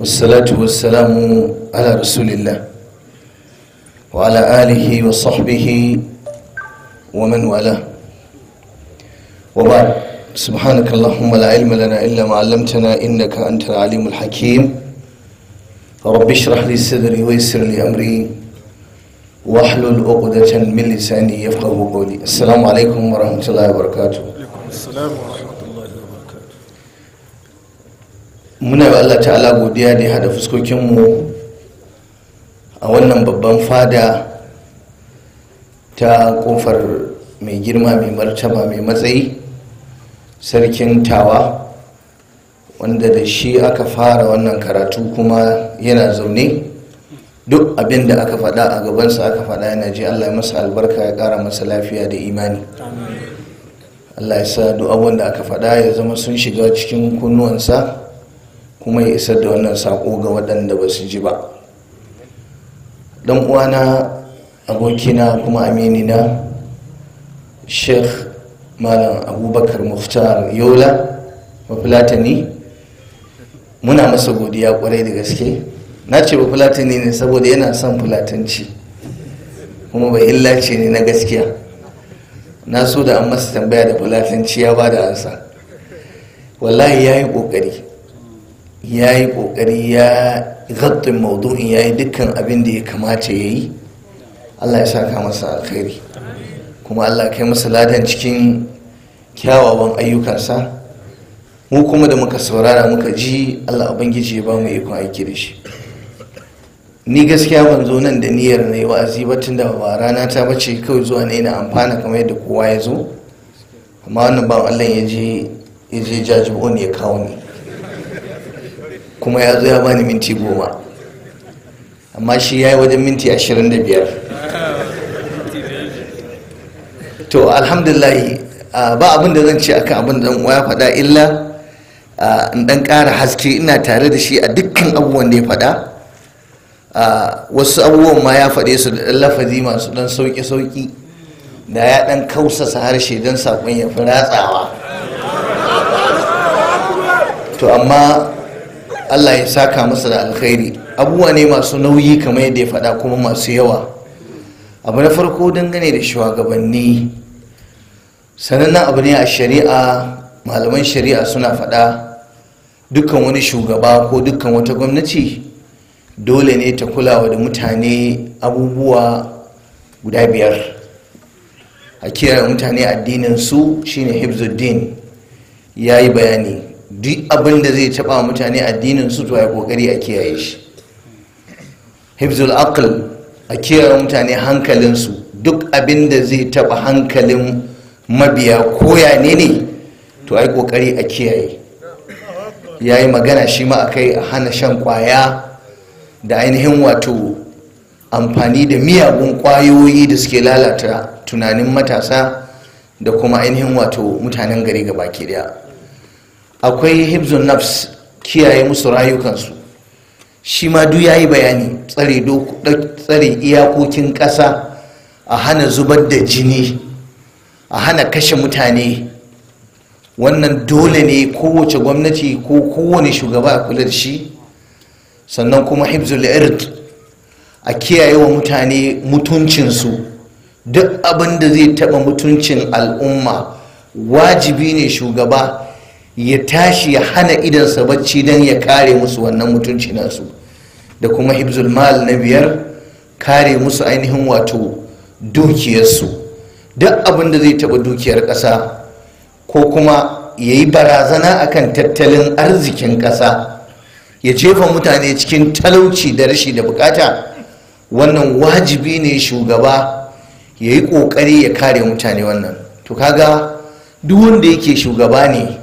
والصلاة والسلام على رسول الله وعلى آله وصحبه ومن والاه وبعد سبحانك اللهم لا علم لنا إلا ما علمتنا إنك أنت العليم الحكيم رب اشرح لي صدري ويسر لي أمري واحلل عقدة من لساني يفقه قولي السلام عليكم ورحمة الله وبركاته السلام ورحمة الله muna yi Allah ta'ala godiya da ya haɗa fuskokinmu a wannan babban fada ta kofar mai girma mai martaba mai matsayi sarkin tawa wanda da shi aka fara wannan karatu kuma yana zaune duk abin da aka faɗa a gabansa aka faɗa yana ji Allah ya masa albarka ya ƙara masa lafiya da imani Allah ya sa duk da aka faɗa ya zama sun shiga cikin kunnuwansa kuma ya isar da wannan saƙo ga waɗanda ba su ji ba ɗan uwana abokina kuma aminina sheikh malam abubakar muftar yola mafilatani muna masa godiya kwarai da gaske na ce mafilatani ne saboda yana son fulatanci kuma bai illa ce ne na gaskiya na so da an masa tambaya da fulatanci ya ba da ansa wallahi ya yi ƙoƙari ya yi ƙoƙari ya zattun maudu'in ya yi dukkan abin da ya kamata ya yi allah ya saka masa alkhairi kuma allah kai masa ladan cikin kyawawan ayyukansa mu kuma da muka saurara muka ji allah ubangiji ya ba mu ikon aiki da shi ni gaskiya ban zo nan da niyyar na yi wa'azi ba tun da ba rana ta bace kawai zuwa ne na amfana kamar yadda kowa ya zo amma wannan ba allah ya je ya ne ya kawo ni kuma ya zo ya bani minti goma amma shi ya yi wajen minti ashirin da biyar to alhamdulahi ba abin da zan ce akan abin da ya faɗa illa in ɗan ƙara haske ina tare da shi a dukkan abubuwan da ya faɗa wasu abubuwan ma ya faɗe su da lafazi masu ɗan sauƙi-sauƙi da ya ɗan kausasa harshe don sakon ya fi ratsawa to amma allah ya saka masa da alkhairi abubuwa ne masu nauyi kamar yadda ya faɗa kuma masu yawa abu na farko dangane da shugabanni sanannen abu ne a shari'a malaman shari'a suna faɗa dukkan wani shugaba ko dukkan wata gwamnati dole ne ta kulawa da mutane abubuwa guda biyar a kira mutane addinin su shine hibzuddin ya yi bayani duk abin da zai taba mutane addinin su to kokari a kiyaye shi hifzul aql a kiyaye mutane hankalin su duk abin da zai taba hankalin mabiya koya ne ne to ai kokari a kiyaye Yayi magana shi ma akai a hana shan kwaya da ainihin wato amfani da miyagun kwayoyi da suke lalata tunanin matasa da kuma ainihin wato mutanen gari gaba ke daya akwai hibzun nafs kiyaye musu rayukansu shi ma duk ya yi bayani tsare iyakokin ƙasa a hana zubar da jini a hana kashe mutane wannan dole ne kowace gwamnati ko kowane shugaba a kula da shi sannan kuma hibzul a kiyaye wa mutane mutuncinsu duk abin da zai taɓa mutuncin al'umma wajibi ne shugaba ya tashi ya hana idansa bacci don ya kare musu wannan mutunci nasu da kuma hibzul mal na biyar kare musu ainihin wato dukiyarsu duk abin da zai taɓa dukiyar ƙasa ko kuma ya yi barazana kan tattalin arzikin ƙasa ya jefa mutane cikin talauci da rashi da bukata wannan wajibi ne shugaba ya yi ƙoƙari ya kare mutane wannan to kaga duk wanda yake shugaba ne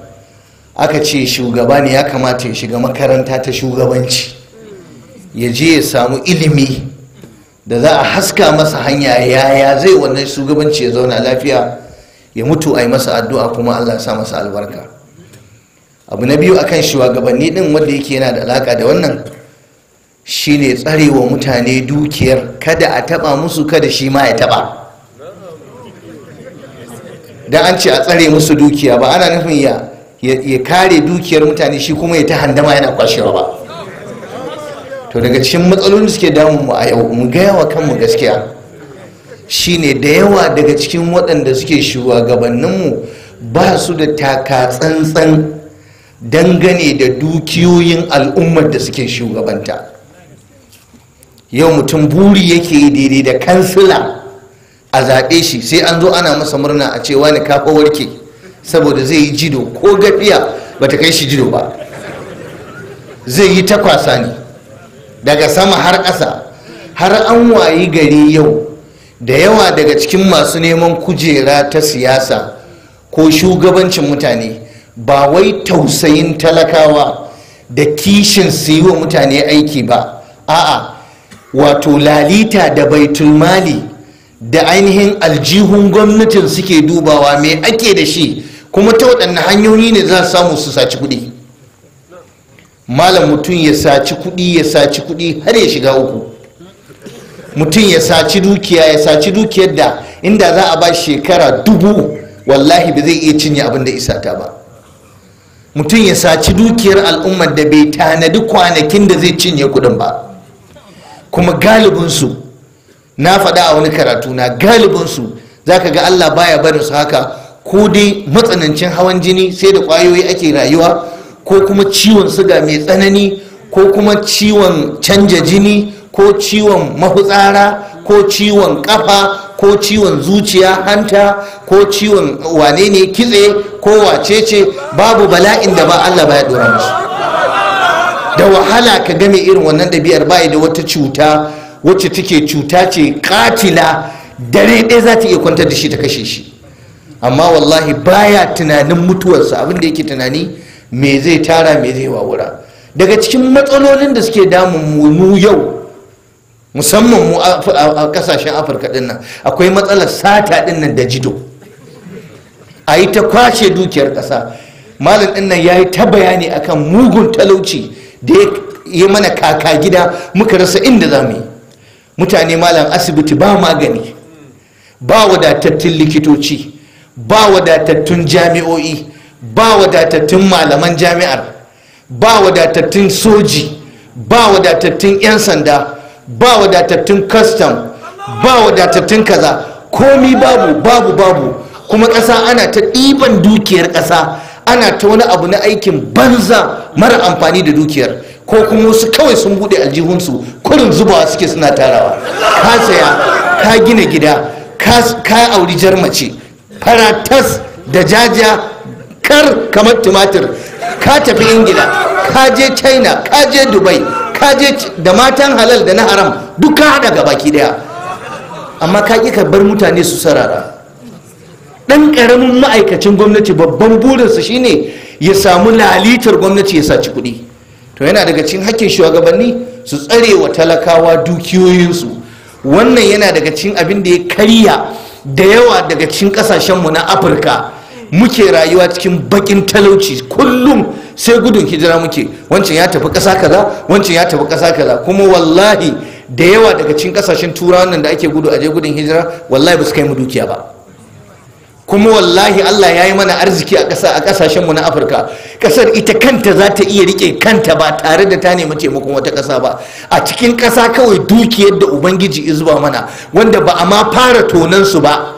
aka ce shugaba ne ya kamata ya shiga makaranta ta shugabanci ya je ya samu ilimi da za a haska masa hanya yaya zai wannan shugabanci ya zauna lafiya ya mutu a yi masa addu'a kuma allah sa masa albarka abu na biyu akan shugabanni din wanda yake yana da alaka da wannan shine tsarewa mutane dukiyar kada a taba musu kada shi ma ya taba dan an ce a tsare musu dukiya ba ana nufin ya ya kare dukiyar mutane shi kuma ya ta handama yana kwashewa ba to daga cikin matsalolin da suke damun mu a yau mu gaya wa kanmu gaskiya shine da yawa daga cikin waɗanda suke shugabanninmu ba su da taka tsantsan dangane da dukiyoyin al'ummar da suke shugabanta yau mutum buri yake yi daidai da kansila a zaɓe shi sai an zo ana masa murna a cewa ne kafa warke saboda zai yi jido ko gafiya ba ta kai shi jido ba zai yi takwasa ne daga sama har ƙasa har an wayi gari yau da yawa daga cikin masu neman kujera ta siyasa ko shugabancin mutane ba wai tausayin talakawa da kishin su yi wa mutane aiki ba a'a wato lalita da Baitul-mali da ainihin aljihun gwamnatin suke dubawa me ake da shi kuma ta waɗanne hanyoyi ne za su samu su saci kuɗi malam mutum ya saci kuɗi ya saci kuɗi har ya shiga uku mutum ya saci dukiya ya saci dukiyar da inda za a ba shekara dubu wallahi ba zai iya cinye abin da isa ta ba mutum ya saci dukiyar al'ummar da bai tanadi kwanakin da zai cinye kuɗin ba kuma galibinsu na faɗa a wani karatu na galibinsu za ka ga allah baya su haka ko dai matsanancin hawan jini sai da kwayoyi ake rayuwa ko kuma ciwon suga mai tsanani ko kuma ciwon canja jini ko ciwon mahutsara ko ciwon kafa ko ciwon zuciya hanta ko ciwon wane ne kitse ko wacece babu bala'in da ba Allah ba ya dora musu da wahala ka game irin wannan ɗabi'ar bayi da wata cuta wacce take cuta ce katila dare ɗaya za ta iya kwantar da shi ta kashe shi amma wallahi baya tunanin mutuwarsa abinda yake tunani me zai tara me zai wawura daga cikin matsalolin da suke damun mu yau musamman mu a kasashen afirka din nan akwai matsalar sata din nan da jido a yi ta kwashe dukiyar kasa malam din nan ya yi ta bayani akan mugun talauci da ya mana kaka gida muka rasa inda za mu yi mutane malam asibiti ba magani ba wadatattun likitoci ba wadatattun jami'o'i ba wadatattun malaman jami'ar ba wadatattun soji ba wadatattun 'yan sanda ba wadatattun custom ba wadatattun kaza komi babu babu babu kuma ƙasa ana ta ɗiban dukiyar ƙasa ana ta wani abu na aikin banza mara amfani da dukiyar ko kuma wasu kawai sun buɗe aljihunsu kurin zubawa suke suna tarawa ka saya ka gina gida ka auri jar mace karatas tas da jaja kar kamar tumatir ka tafi ingila ka je china ka je dubai ka je da matan halal da na haram duk ka hada ga baki daya amma ka ƙi ka bar mutane su sarara ɗan ƙaramin ma'aikacin gwamnati babban burinsa shine ya samu lalitar gwamnati ya saci kuɗi to yana daga cikin hakkin shugabanni su tsare wa talakawa dukiyoyinsu wannan yana daga cikin abin da ya karya da yawa daga cikin mu na afirka muke rayuwa cikin bakin talauci kullum sai gudun hijira muke wancan ya tafi ƙasa kaza wancan ya tafi ƙasa kaza kuma wallahi da yawa daga cikin kasashen turawan nan da ake gudu aje gudun hijira wallahi ba su kai mu dukiya ba kuma wallahi Allah ya yi mana arziki a a ƙasashenmu na Afirka ƙasar ita kanta za ta iya riƙe kanta ba tare da ta nemi taimakon wata ƙasa ba a cikin ƙasa kawai dukiyar da Ubangiji zuba mana wanda ba a ma fara tonansu ba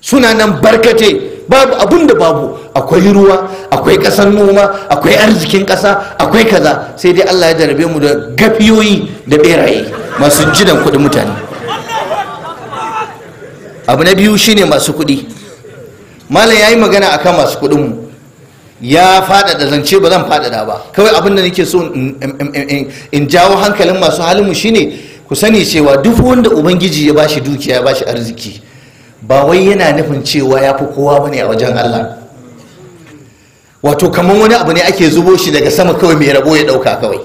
suna nan barkate babu abun da babu akwai ruwa akwai ƙasar noma akwai arzikin ƙasa akwai kaza sai dai Allah ya jarabe mu da gafiyoyi da beraye masu jidan kuɗin mutane abu na biyu shine masu kuɗi malam ya yi magana a kan masu kuɗinmu ya faɗaɗa zance ba zan faɗaɗa ba kawai abin da nake so in jawo hankalin masu halinmu shine ku sani cewa duk wanda ubangiji ya bashi dukiya ya bashi arziki ba wai yana nufin cewa ya fi kowa bane a wajen allah wato kamar wani abu ne ake zubo shi daga sama kawai mai rabo ya ɗauka kawai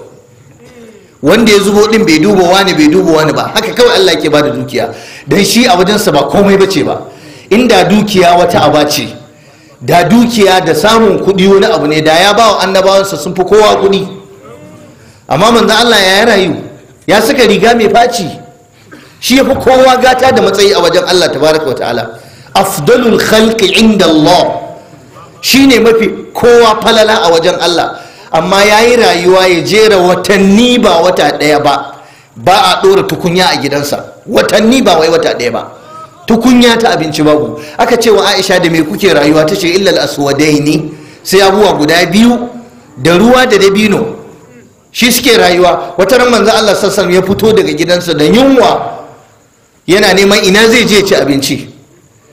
wanda ya zubo din bai duba wani bai duba wani ba haka kawai allah ke bada dukiya Dan shi a wajensa ba komai bace ba In da dukiya wata aba ce da dukiya da samun kuɗi wani abu ne da ya ba wa annabawansa sun fi kowa kuɗi amma manzo Allah ya rayu ya saka riga mai faci shi ya fi kowa gata da matsayi a wajen Allah tabaraka wa ta'ala afdalul khalqi inda Allah shine mafi kowa falala a wajen Allah amma ya yi rayuwa ya jera watanni ba wata ɗaya ba ba a ɗora tukunya a gidansa watanni ba wai wata ɗaya ba tukunya ta abinci babu aka ce wa aisha da mai kuke rayuwa ta ce illal ne? sai abuwa guda biyu da ruwa da dabino shi suke rayuwa wata ran manzo Allah sassan ya fito daga gidansa da yunwa yana neman ina zai je ci abinci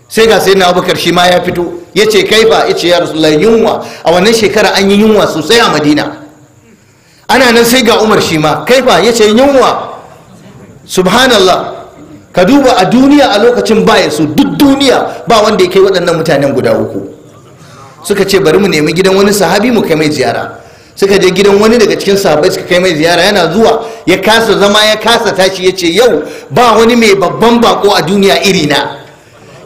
sai ga sayyidina Abubakar shi ma ya fito ya ce kaifa ya ya rasulullahi yunwa a wannan shekara an yi yunwa sosai a Madina ana nan sai ga Umar shi ma kaifa ya ce yunwa subhanallah ka duba a duniya a lokacin baya su duk duniya ba wanda ya kai waɗannan mutanen guda uku suka ce bari mu nemi gidan wani sahabi mu kai mai ziyara suka je gidan wani daga cikin sahabai suka kai mai ziyara yana zuwa ya kasa zama ya kasa tashi ya ce yau ba wani mai babban bako a duniya iri na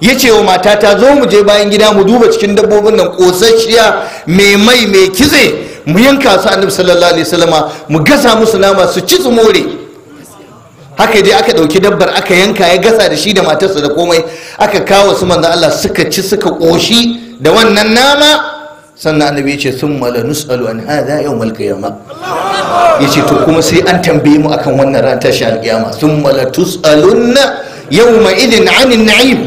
ya ce wa ta zo mu je bayan gida mu duba cikin dabbobin nan ƙosasshiya mai mai mai kitse mu yanka su annabi sallallahu alaihi wasallama mu gasa musu nama su ci su more haka je aka ɗauki dabbar aka yanka ya gasa da shi da matarsa da komai aka kawo su manzan Allah suka ci suka ƙoshi da wannan nama sannan annabi ya ce sun mala nus'alu an hadha yau al ya yace to kuma sai an tambaye mu akan wannan ran tashi alkiyama sun mala tus'alunna ma idin anin na'im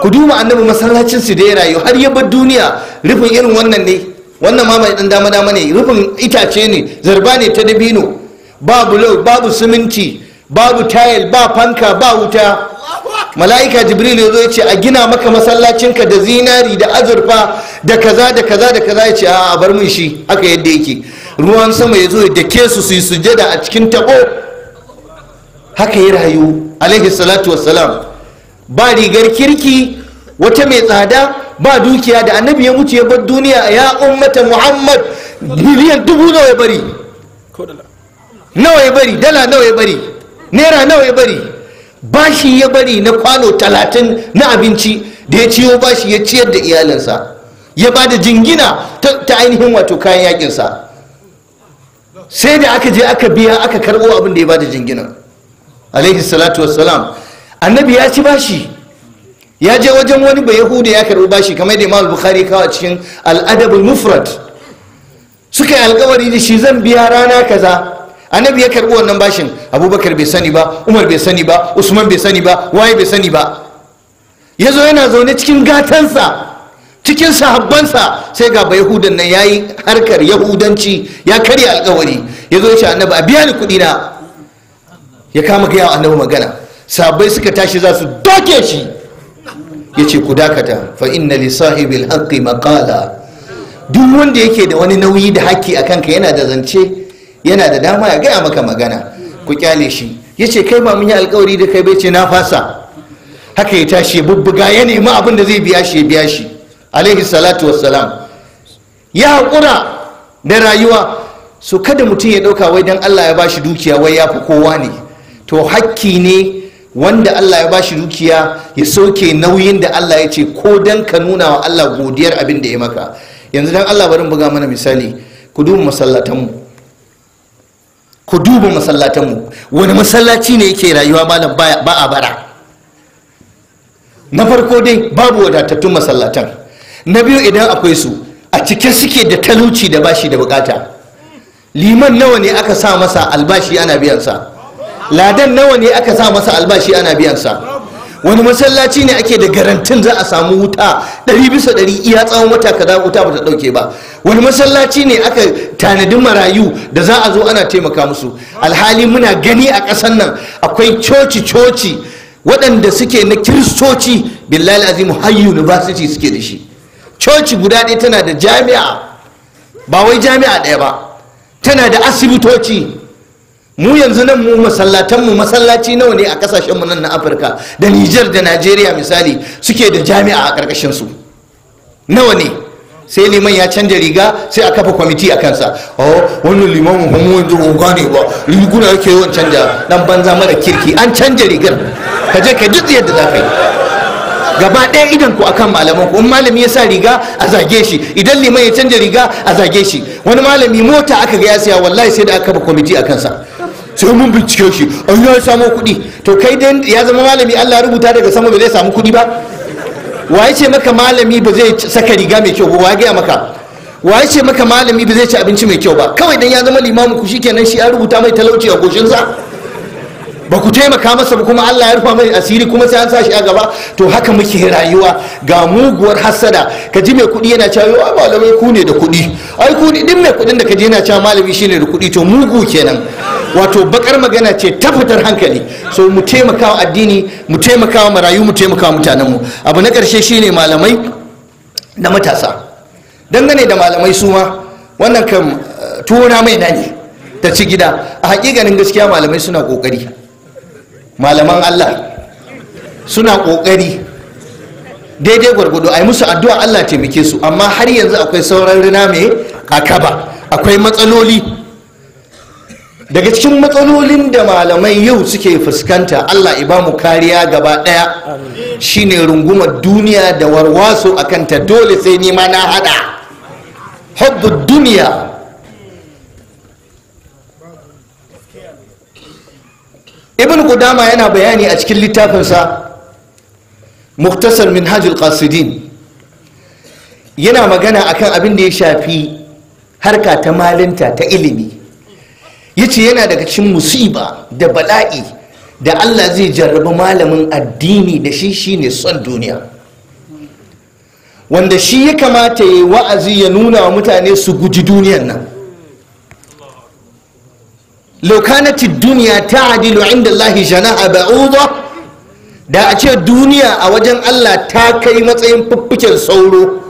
ku duba annabi masallacin su da ya rayu har ya bar duniya rufin irin wannan ne wannan ma mai dan dama dama ne rufin itace ne zarba ne ta dabino babu lau babu siminti babu tayil ba fanka ba wuta mala'ika jibril ya zo ya ce a gina maka masallacinka da zinari da azurfa da kaza da kaza da kaza ya ce a bar min shi aka yadda yake ruwan sama ya zo ya dake su su yi sujada a cikin tabo haka ya rayu alaihi salatu wassalam ba rigar kirki wata mai tsada ba dukiya da annabi ya mutu ya bar duniya ya ummata muhammad miliyan dubu nawa ya bari nawa ya bari dala nawa ya bari naira nawa ya bari bashi ya bari na kwano talatin na abinci da ya ciyo bashi ya ciyar da iyalinsa ya ba da jingina ta ainihin wato kayan yakinsa sai da aka je aka biya aka karbo abin da ya ba da jingina alaihi salatu wassalam annabi ya ci bashi ya je wajen wani bai yahuda ya karbi bashi kamar da imam bukhari kawo a cikin al'adabul mufrad suka yi alkawari da shi zan biya rana kaza annabi ya karbi wannan bashin abubakar bai sani ba umar bai sani ba usman bai sani ba waye bai sani ba ya zo yana zaune cikin gatansa cikin sahabbansa sai ga bai nan ya yi harkar yahudanci ya karya alkawari ya zo ya ce annabi a biya ni kuɗi na ya kama gaya annabi magana sabai suka tashi za su doke shi ya ce ku dakata fa inna li sahibil haqqi maqala duk wanda yake da wani nauyi da haƙƙi a kanka yana da zance yana da dama ya gaya maka magana ku kyale shi ya ce kai ba mun yi alkawari da kai bai ce na fasa haka ya tashi bubbuga ya nemi abin da zai biya shi ya biya shi alaihi salatu wassalam ya haƙura da rayuwa so kada mutum ya ɗauka wai dan Allah ya bashi dukiya wai ya fi kowa ne to hakki ne wanda Allah ya bashi dukiya ya sauke nauyin da Allah ya ce ko dan ka nuna wa Allah godiyar abin da ya maka yanzu dan Allah bari buga mana misali ku duba masallatanmu ku duba masallatanmu wani masallaci ne yake rayuwa malam ba a bara na farko dai babu wadatattun masallatan na biyu idan akwai su a cike suke da talauci da bashi da bukata liman nawa ne aka sa masa albashi ana biyansa ladan nawa ne aka sa masa albashi ana biyansa wani masallaci ne ake da garantin za a samu wuta ɗari bisa ɗari iya tsawon wata kaza wuta ba ta ɗauke ba wani masallaci ne aka tanadi marayu da za a zo ana taimaka musu alhali muna gani a ƙasar nan akwai coci coci waɗanda suke na kiristoci billahi azimu har university suke da shi coci guda ɗaya tana da jami'a ba wai jami'a ɗaya ba tana da asibitoci mu yanzu nan mu masallatan mu, masallaci nawa ne a kasashenmu nan na afirka da nijar da najeriya misali suke da jami'a a ƙarƙashinsu nawa ne sai liman ya canja riga sai a kafa kwamiti a kansa oh wannan Liman mu mu wanda ba gane ba riguna yake yawan canja dan banza mara kirki an canja rigar ka je ka duk yadda za ka yi gaba ɗaya idan ku akan malaman ku in malami ya sa riga a zage shi idan liman ya canja riga a zage shi wani malami mota aka ga ya siya wallahi sai da aka ba kwamiti a kansa sai mun bincike shi an ya samo kuɗi to kai dai ya zama malami Allah rubuta daga sama ba samu kuɗi ba waye ce maka malami ba zai saka riga mai kyau ba waye gaya maka waye ce maka malami ba zai ci abinci mai kyau ba kawai dan ya zama limamin ku shikenan shi ya rubuta mai talauci a sa ba ku taimaka masa ba kuma Allah ya rufa mai asiri kuma sai an sa shi a gaba to haka muke rayuwa ga muguwar hasada ka ji mai kuɗi yana cewa yau malamai ku ne da kuɗi ai ku ne din mai kuɗin da ka ji yana cewa malami shi ne da kuɗi to mugu kenan wato bakar magana ce ta hankali so mu taimaka wa addini mu taimaka wa marayu mu taimaka wa mutanen mu abu na karshe shine malamai da matasa dangane da malamai su ma wannan kam eh, tona mai nani ta ci gida a hakikanin gaskiya malamai suna kokari malaman Allah suna ƙoƙari daidai gwargwado a yi musu addu'a Allah taimake su amma har yanzu akwai sauran rina mai akaba akwai matsaloli daga cikin matsalolin da malamai yau suke fuskanta Allah iba mu kariya gaba ɗaya shine rungumar duniya da warwaso akan ta dole sai nima na hada hubbu duniya ibn gudama yana bayani a cikin littafinsa muktasar hajjul qasidin yana magana akan abin da ya shafi harka ta malinta ta ilimi ya ce yana daga cikin musiba da bala'i da Allah zai jarrabi malamin addini da shi shine son duniya wanda shi ya kamata ya wa'azi ya nuna wa mutane su guji duniyar nan law duniya ta dunya 'inda Allahi janaha da a ce duniya a wajen Allah ta kai matsayin fuffuken sauro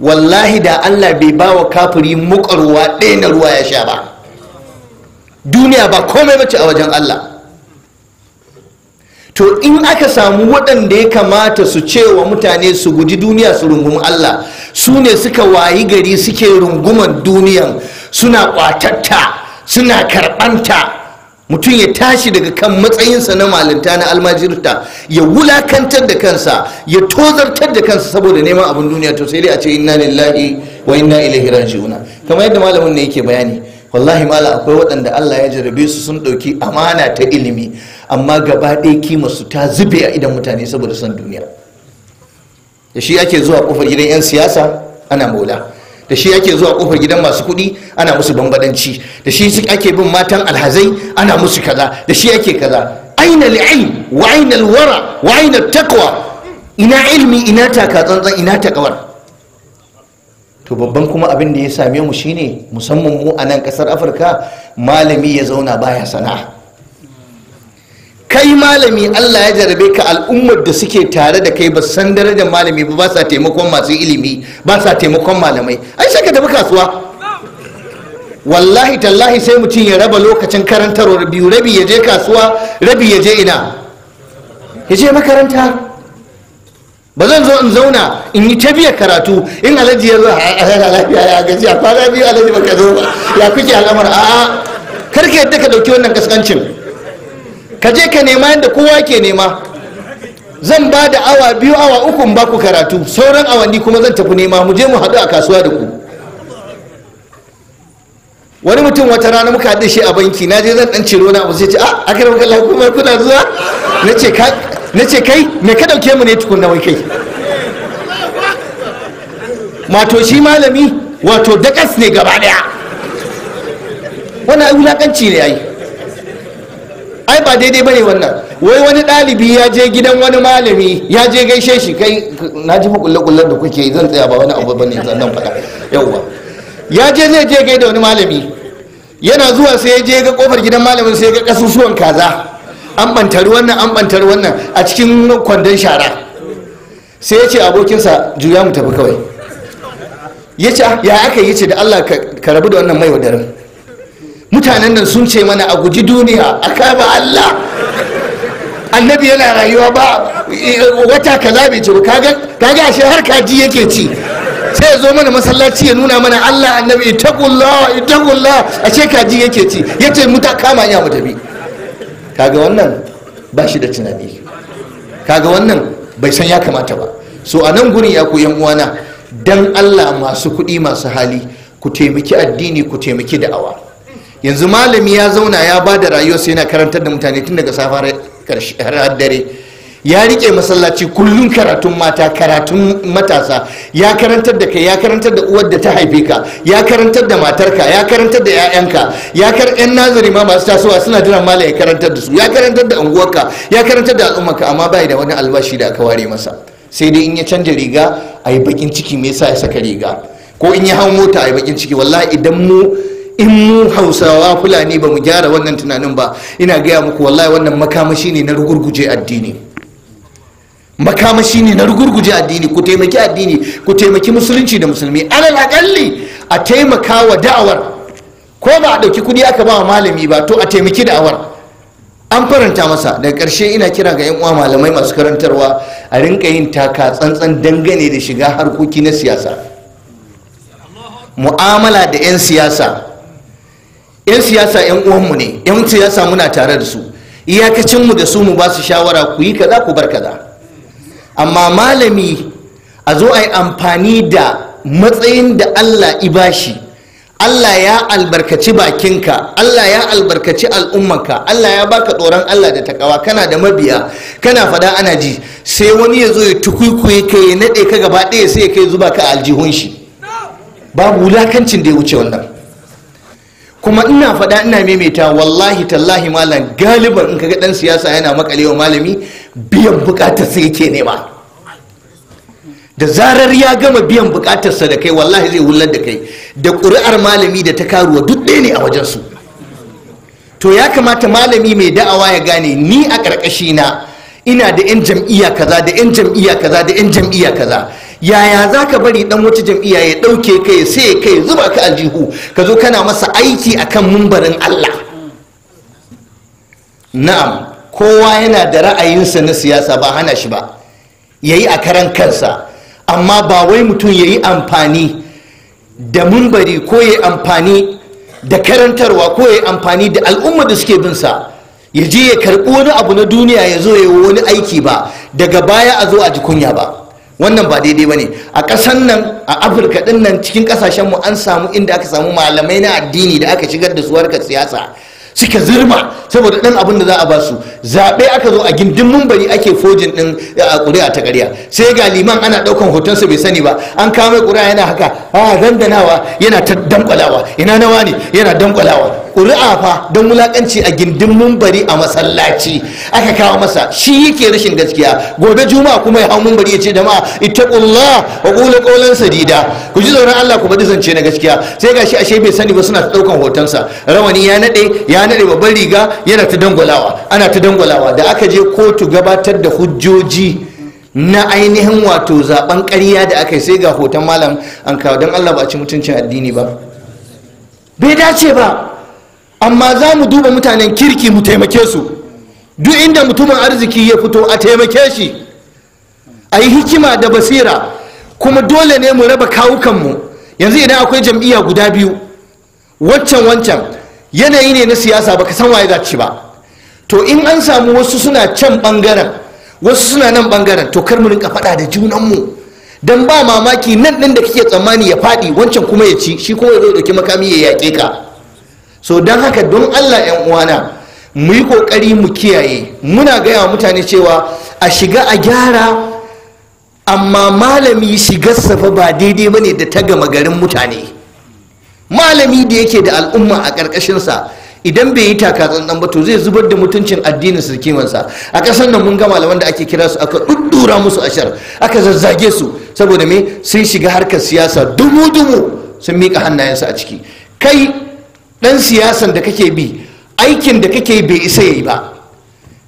wallahi da Allah bai ba wa kafiri mukarwa ɗaya na ruwa ya sha ba duniya ba komai mace a wajen Allah to in aka samu waɗanda ya kamata su ce wa mutane su guji duniya su rungumi Allah su ne suka wayi gari suke runguman duniyan suna ƙwatatta suna karɓanta mutum ya tashi daga kan matsayinsa na malinta na almajirta ya wulakantar da kansa ya tozartar da kansa saboda neman abin duniya to sai dai a ce inna lillahi wa inna ilaihi raji'una kamar yadda malamin ne yake bayani wallahi mala akwai waɗanda Allah ya jarabe su sun ɗauki amana ta ilimi amma gaba ɗaya kima su ta zube a idan mutane saboda son duniya da shi ake zuwa kofar gidan 'yan siyasa ana maula da shi ake zuwa kofar gidan masu kuɗi ana musu bambadanci da shi ake bin matan alhazai ana musu kaza da shi ake kaza aina li'ai, wa aina wara wa aina takwa ina ilmi ina taka tsantsan ina takawar to babban kuma abin da ya same mu shine musamman mu a nan kasar afirka malami ya zauna baya sana'a kai malami Allah ya jarabe ka al'ummar da suke tare da kai ba san darajar malami ba ba sa taimakon masu ilimi ba sa taimakon malamai ai shaka tafi kasuwa wallahi tallahi sai mutum ya raba lokacin karantarwar biyu rabi ya je kasuwa rabi ya je ina ya je makaranta ba zan zo in zauna in yi ta biya karatu in alhaji ya zo a lafiya ya gaji a kwana biyu alhaji baka zo ba ya kuke al'amar a'a karka yadda ka dauki wannan kaskancin ka je ka nema yadda kowa ke nema zan ba da awa biyu awa uku ba ku karatu sauran awanni kuma zan tafi nema mu je mu haɗu a kasuwa da ku wani mutum wata rana muka haɗu shi a banki na je zan ɗan ciro na abu sai ce ah, a aka rabu kallon kuma kuna zuwa na ce kai me ka ɗauke mu ne tukun na kai Mato shi malami wato dakas ne gaba ɗaya wani wulaƙanci ne ya yi. ba daidai bane wannan wai wani ɗalibi ya je gidan wani malami ya je gaishe shi kai na ji fa kulle da kuke zan tsaya ba wani abu ne zan nan faɗa yauwa ya je zai je gai da wani malami yana zuwa sai ya je ga kofar gidan malamin sai ga kasusuwan kaza an bantar wannan an bantar wannan a cikin kwandon shara sai ya ce abokinsa juya mu tafi kawai ya ce ah, ya aka yi ce da allah ka rabu da wannan mai wadarin mutanen nan sun ce mana a guji duniya a kama Allah annabi yana rayuwa ba wata kaza bai ci ba kaga ashe har kaji yake ci sai ya zo mana masallaci ya nuna mana Allah annabi itaqullah a ashe kaji yake ci yace mu ta kama ya mu tafi kaga wannan ba shi da tunani kaga wannan bai san ya kamata ba so a nan gurin ya ku yan uwana dan Allah masu kuɗi masu hali ku taimaki addini ku taimaki da'awa yanzu malami ya zauna ya ba da rayuwarsa yana karantar da mutane tun daga safa har dare ya rike masallaci kullum karatun mata karatun matasa ya karantar da kai ya karantar da uwar da ta haife ka ya karantar da matarka ya karantar da 'ya'yanka ya kar yan nazari ma masu tasowa suna jiran malam ya karantar da su ya karantar da unguwarka ya karantar da al'ummarka amma bai da wani albashi da aka ware masa sai dai in ya canja riga a yi bakin ciki me yasa ya saka riga ko in ya hau mota a yi bakin ciki wallahi idan mu in mu hausawa fulani ba mu gyara wannan tunanin ba ina gaya muku wallahi wannan makamashi ne na rugurguje addini makamashi ne na rugurguje addini ku taimaki addini ku taimaki musulunci da musulmi alal akalli a taimaka wa da'awar ko ba a ɗauki kuɗi aka ba wa malami ba to a taimaki da'awar an faranta masa daga karshe ina kira ga 'yan uwa malamai masu karantarwa a rinka yin taka tsantsan dangane da shiga harkoki na siyasa mu'amala da 'yan siyasa yan siyasa yan uwanmu ne yan siyasa muna tare da su iyakacinmu da su mu ba su shawara ku yi kaza ku bar kaza amma malami a zo a yi amfani da matsayin da allah ibashi allah ya albarkaci bakinka allah ya albarkaci al'ummanka allah ya baka tsoron allah da takawa kana da mabiya kana fada ana ji sai wani ya zo ya tukuikuye ka ya naɗe ka gaba ɗaya sai ya kai zuba ka aljihun shi babu wulakancin da ya wuce wannan kuma ina faɗa ina maimaita wallahi tallahi malam galiban in kaga ɗan siyasa yana wa malami biyan bukatar sai yake nema da zarar ya gama biyan bukatarsa da kai wallahi zai wullar da kai da ƙuri'ar malami da ta karuwa duk ɗaya ne a wajen su. to ya kamata malami mai da'awa ya gane ni a ƙarƙashina ina da 'yan jam'iyya kaza da 'yan jam'iyya kaza da 'yan jam'iyya kaza yaya za ka bari dan wata jam'iyya ya ɗauke kai sai kai zuba ka aljihu ka zo kana masa aiki a kan mumbarin Allah na'am kowa yana da ra'ayinsa na siyasa ba hana shi ba ya yi a karan kansa amma ba wai mutum ya yi amfani da mumbari ko yi amfani da karantarwa ko yi amfani da al'umma da suke bin sa ya je ya karɓi wani abu na duniya ya zo ya wani aiki ba daga baya a zo a ji kunya ba wannan ba daidai ba ne, a ƙasan nan a afirka ɗinnan nan cikin ƙasashen an samu inda aka samu malamai na addini da aka shigar da su harkar siyasa suka zirma saboda dan abin da za a ba su zaɓe aka zo a gindin mumbari ake fojin din a ƙuri'a ta ƙarya sai ga liman ana ɗaukan hotonsa bai sani ba an kawo mai ƙuri'a yana haka a dandanawa yana ta dankwalawa ina nawa ne yana dankwalawa ƙuri'a fa don wulaƙanci a gindin mumbari a masallaci aka kawo masa shi yake rashin gaskiya gobe juma'a kuma ya hau mumbari ya ce jama'a ittaqullah wa qulu qawlan sadida ku ji tsoron Allah ku bari zance na gaskiya sai gashi ashe bai sani ba suna ta ɗaukan hotonsa rawani ya nade ya ya nade babban riga yana ta dangwalawa ana ta dangwalawa da aka je kotu gabatar da hujjoji na ainihin wato zaben ƙarya da aka yi sai ga hoton malam an kawo don allah ba a ci mutuncin addini ba bai dace ba amma za mu duba mutanen kirki mu taimake su duk inda mutumin arziki ya fito a taimake shi a yi hikima da basira kuma dole ne mu raba kawukanmu yanzu idan akwai jam'iyya guda biyu wancan wancan yanayi ne na siyasa baka san waye za ci ba to in an samu wasu suna can bangaren wasu suna nan bangaren to kar mu rinka faɗa da junanmu dan ba mamaki nan ɗin da kike tsammani ya faɗi wancan kuma ya ci shi kuma ya zo ɗauki makami ya yake ka so dan haka don allah yan uwana mu yi ƙoƙari mu kiyaye muna gaya wa mutane cewa a shiga a gyara amma malami shigarsa fa ba daidai bane da ta gama garin mutane malami da yake da al'umma a ƙarƙashinsa idan bai yi takatsantsan ba to zai zubar da mutuncin addinin sirkimansa a ƙasar nan mun ga malaman da ake kira su aka ɗuɗɗura musu ashar aka zazzage su saboda me sun shiga harkar siyasa dumu-dumu sun miƙa hannayensu a ciki kai ɗan siyasan da kake bi aikin da kake bai isa yi ba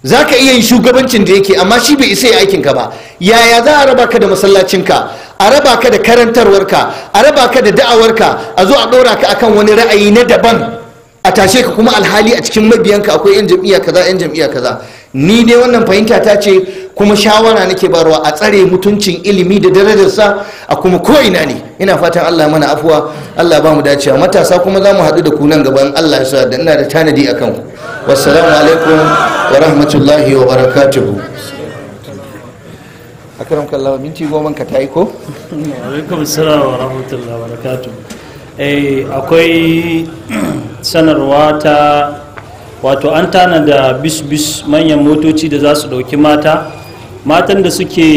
za ka iya yin shugabancin da yake amma shi bai isa ya aikinka ba yaya za a raba ka da masallacinka a raba ka da karantarwarka a raba ka da da'awarka a zo a ɗora ka akan wani ra'ayi na daban a tashe ka kuma alhali a cikin mabiyanka akwai yan jam'iyya kaza yan jam'iyya kaza ni dai wannan fahimta ta ce kuma shawara nake barwa a tsare mutuncin ilimi da darajarsa a kuma ko'ina ne ina fatan allah mana afuwa allah ba mu dacewa matasa kuma za mu haɗu da ku nan gaban allah ya sa da ina da tanadi a ku. wassalamu alaikum wa rahmatullahi wa barakatuhu a akram kallawa minti goma ka ta yi ko alaikum salam wa rahmatullahi wa barakatuhu eh, akwai sanarwa ta wato an tana da bis bis manyan motoci da za su dauki mata matan da suke